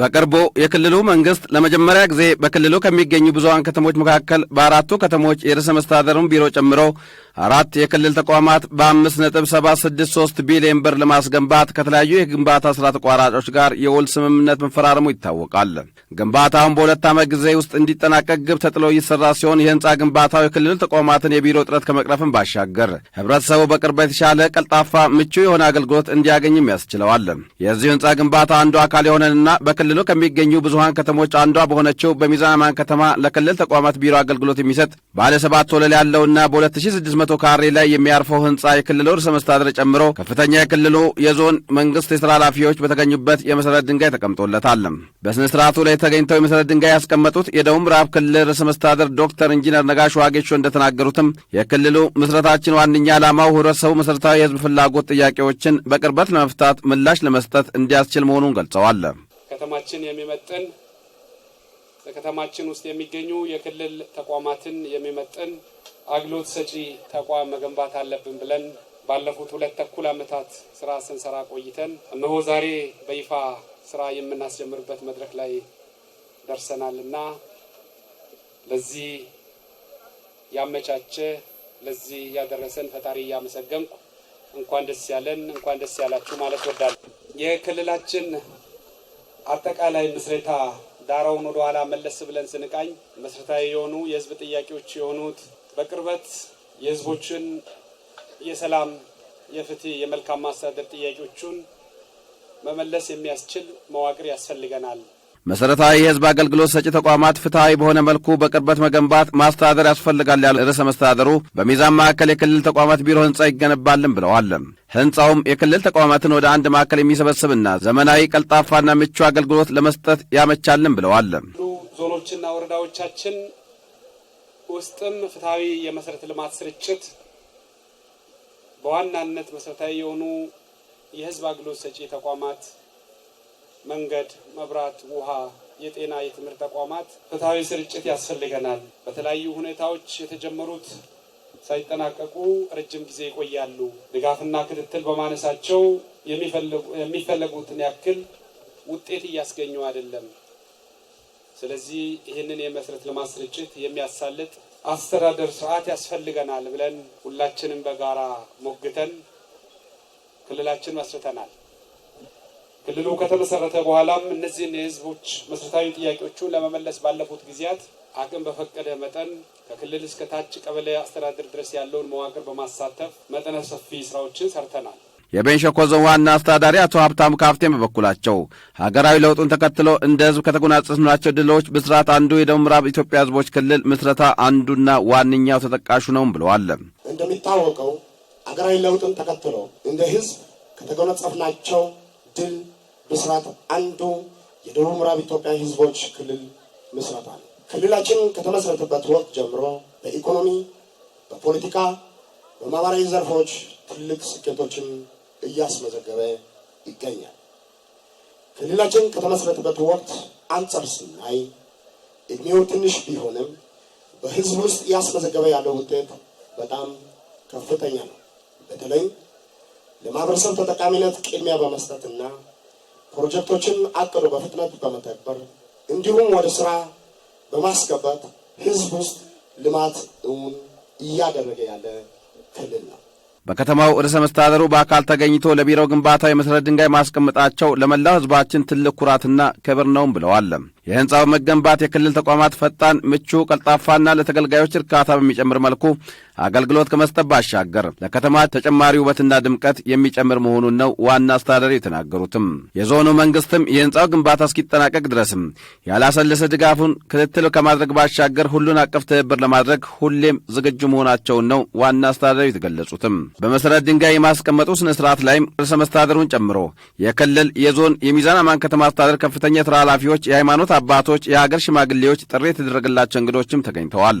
በቅርቡ የክልሉ መንግስት ለመጀመሪያ ጊዜ በክልሉ ከሚገኙ ብዙሀን ከተሞች መካከል በአራቱ ከተሞች የርዕሰ መስተዳደሩን ቢሮ ጨምሮ አራት የክልል ተቋማት በአምስት ነጥብ ሰባ ስድስት ሶስት ቢሊዮን ብር ለማስገንባት ከተለያዩ የግንባታ ስራ ተቋራጮች ጋር የውል ስምምነት መፈራረሙ ይታወቃል። ግንባታውን በሁለት ዓመት ጊዜ ውስጥ እንዲጠናቀቅ ግብ ተጥሎ እየተሰራ ሲሆን የህንፃ ግንባታው የክልል ተቋማትን የቢሮ እጥረት ከመቅረፍን ባሻገር ህብረተሰቡ በቅርብ የተሻለ ቀልጣፋ፣ ምቹ የሆነ አገልግሎት እንዲያገኝም ያስችለዋል። የዚሁ ህንፃ ግንባታ አንዱ አካል የሆነንና በክልሉ ከሚገኙ ብዙሀን ከተሞች አንዷ በሆነችው በሚዛን አማን ከተማ ለክልል ተቋማት ቢሮ አገልግሎት የሚሰጥ ባለ ሰባት ወለል ያለውና በ2600 ካሬ ላይ የሚያርፈው ህንፃ የክልሉ ርዕሰ መስተዳድር ጨምሮ ከፍተኛ የክልሉ የዞን መንግስት የስራ ኃላፊዎች በተገኙበት የመሰረት ድንጋይ ተቀምጦለታል። በስነ ስርዓቱ ላይ ተገኝተው የመሰረት ድንጋይ ያስቀመጡት የደቡብ ምዕራብ ክልል ርዕሰ መስተዳድር ዶክተር ኢንጂነር ነጋሽ ዋጌሾ እንደተናገሩትም የክልሉ ምስረታችን ዋነኛ ዓላማው ህብረተሰቡ መሠረታዊ የህዝብ ፍላጎት ጥያቄዎችን በቅርበት ለመፍታት ምላሽ ለመስጠት እንዲያስችል መሆኑን ገልጸዋል። ከተማችን የሚመጥን ከተማችን ውስጥ የሚገኙ የክልል ተቋማትን የሚመጥን አግሎት ሰጪ ተቋም መገንባት አለብን ብለን ባለፉት ሁለት ተኩል ዓመታት ስራ ስንሰራ ቆይተን እነሆ ዛሬ በይፋ ስራ የምናስጀምርበት መድረክ ላይ ደርሰናል እና ለዚህ ያመቻቸ ለዚህ ያደረሰን ፈጣሪ እያመሰገንኩ እንኳን ደስ ያለን እንኳን ደስ ያላችሁ ማለት ወዳለሁ። የክልላችን አጠቃላይ ምስረታ ዳራውን ወደ ኋላ መለስ ብለን ስንቃኝ መሰረታዊ የሆኑ የህዝብ ጥያቄዎች የሆኑት በቅርበት የህዝቦችን የሰላም፣ የፍትህ፣ የመልካም ማስተዳደር ጥያቄዎቹን መመለስ የሚያስችል መዋቅር ያስፈልገናል። መሰረታዊ የህዝብ አገልግሎት ሰጪ ተቋማት ፍትሐዊ በሆነ መልኩ በቅርበት መገንባት ማስተዳደር ያስፈልጋል ያሉ ርዕሰ መስተዳደሩ በሚዛን ማዕከል የክልል ተቋማት ቢሮ ህንፃ ይገነባልን ብለዋል። ህንፃውም የክልል ተቋማትን ወደ አንድ ማዕከል የሚሰበስብና ዘመናዊ ቀልጣፋና ምቹ አገልግሎት ለመስጠት ያመቻልን ብለዋል። ዞኖችና ወረዳዎቻችን ውስጥም ፍትሐዊ የመሰረተ ልማት ስርጭት በዋናነት መሰረታዊ የሆኑ የህዝብ አገልግሎት ሰጪ ተቋማት መንገድ፣ መብራት፣ ውሃ፣ የጤና፣ የትምህርት ተቋማት ፍትሐዊ ስርጭት ያስፈልገናል። በተለያዩ ሁኔታዎች የተጀመሩት ሳይጠናቀቁ ረጅም ጊዜ ይቆያሉ። ድጋፍና ክትትል በማነሳቸው የሚፈለጉትን ያክል ውጤት እያስገኙ አይደለም። ስለዚህ ይህንን የመሰረተ ልማት ስርጭት የሚያሳልጥ አስተዳደር ስርዓት ያስፈልገናል ብለን ሁላችንም በጋራ ሞግተን ክልላችን መስርተናል። ክልሉ ከተመሰረተ በኋላም እነዚህን የህዝቦች መሰረታዊ ጥያቄዎቹን ለመመለስ ባለፉት ጊዜያት አቅም በፈቀደ መጠን ከክልል እስከ ታች ቀበሌ አስተዳደር ድረስ ያለውን መዋቅር በማሳተፍ መጠነ ሰፊ ስራዎችን ሰርተናል። የቤንሸኮ ዞን ዋና አስተዳዳሪ አቶ ሀብታሙ ካፍቴን በበኩላቸው ሀገራዊ ለውጡን ተከትሎ እንደ ህዝብ ከተጎናጸፍናቸው ድሎች ብስራት አንዱ የደቡብ ምዕራብ ኢትዮጵያ ህዝቦች ክልል ምስረታ አንዱና ዋነኛው ተጠቃሹ ነውም ብለዋል። እንደሚታወቀው ሀገራዊ ለውጥን ተከትሎ እንደ ህዝብ ከተጎናጸፍናቸው ድል ምስራት አንዱ የደቡብ ምዕራብ ኢትዮጵያ ህዝቦች ክልል ምስረታ ነው። ክልላችን ከተመሰረተበት ወቅት ጀምሮ በኢኮኖሚ፣ በፖለቲካ፣ በማህበራዊ ዘርፎች ትልቅ ስኬቶችን እያስመዘገበ ይገኛል። ክልላችን ከተመሰረተበት ወቅት አንጻር ስናይ እድሜው ትንሽ ቢሆንም በህዝብ ውስጥ እያስመዘገበ ያለው ውጤት በጣም ከፍተኛ ነው። በተለይ ለማህበረሰብ ተጠቃሚነት ቅድሚያ በመስጠትና ፕሮጀክቶችን አቅዶ በፍጥነት በመተግበር እንዲሁም ወደ ስራ በማስገባት ህዝብ ውስጥ ልማት እውን እያደረገ ያለ ክልል ነው። በከተማው ርዕሰ መስተዳደሩ በአካል ተገኝቶ ለቢሮው ግንባታ የመሰረት ድንጋይ ማስቀመጣቸው ለመላው ህዝባችን ትልቅ ኩራትና ክብር ነውም ብለዋል። የህንፃው መገንባት የክልል ተቋማት ፈጣን፣ ምቹ፣ ቀልጣፋና ለተገልጋዮች እርካታ በሚጨምር መልኩ አገልግሎት ከመስጠት ባሻገር ለከተማ ተጨማሪ ውበትና ድምቀት የሚጨምር መሆኑን ነው ዋና አስተዳደር የተናገሩትም። የዞኑ መንግስትም የህንፃው ግንባታ እስኪጠናቀቅ ድረስም ያላሰለሰ ድጋፉን ክትትል ከማድረግ ባሻገር ሁሉን አቀፍ ትብብር ለማድረግ ሁሌም ዝግጁ መሆናቸውን ነው ዋና አስተዳደሩ የተገለጹትም። በመሰረት ድንጋይ የማስቀመጡ ስነ ስርዓት ላይም ርዕሰ መስተዳደሩን ጨምሮ የክልል የዞን የሚዛን አማን ከተማ አስተዳደር ከፍተኛ የስራ ኃላፊዎች፣ የሃይማኖት አባቶች፣ የሀገር ሽማግሌዎች፣ ጥሪ የተደረገላቸው እንግዶችም ተገኝተዋል።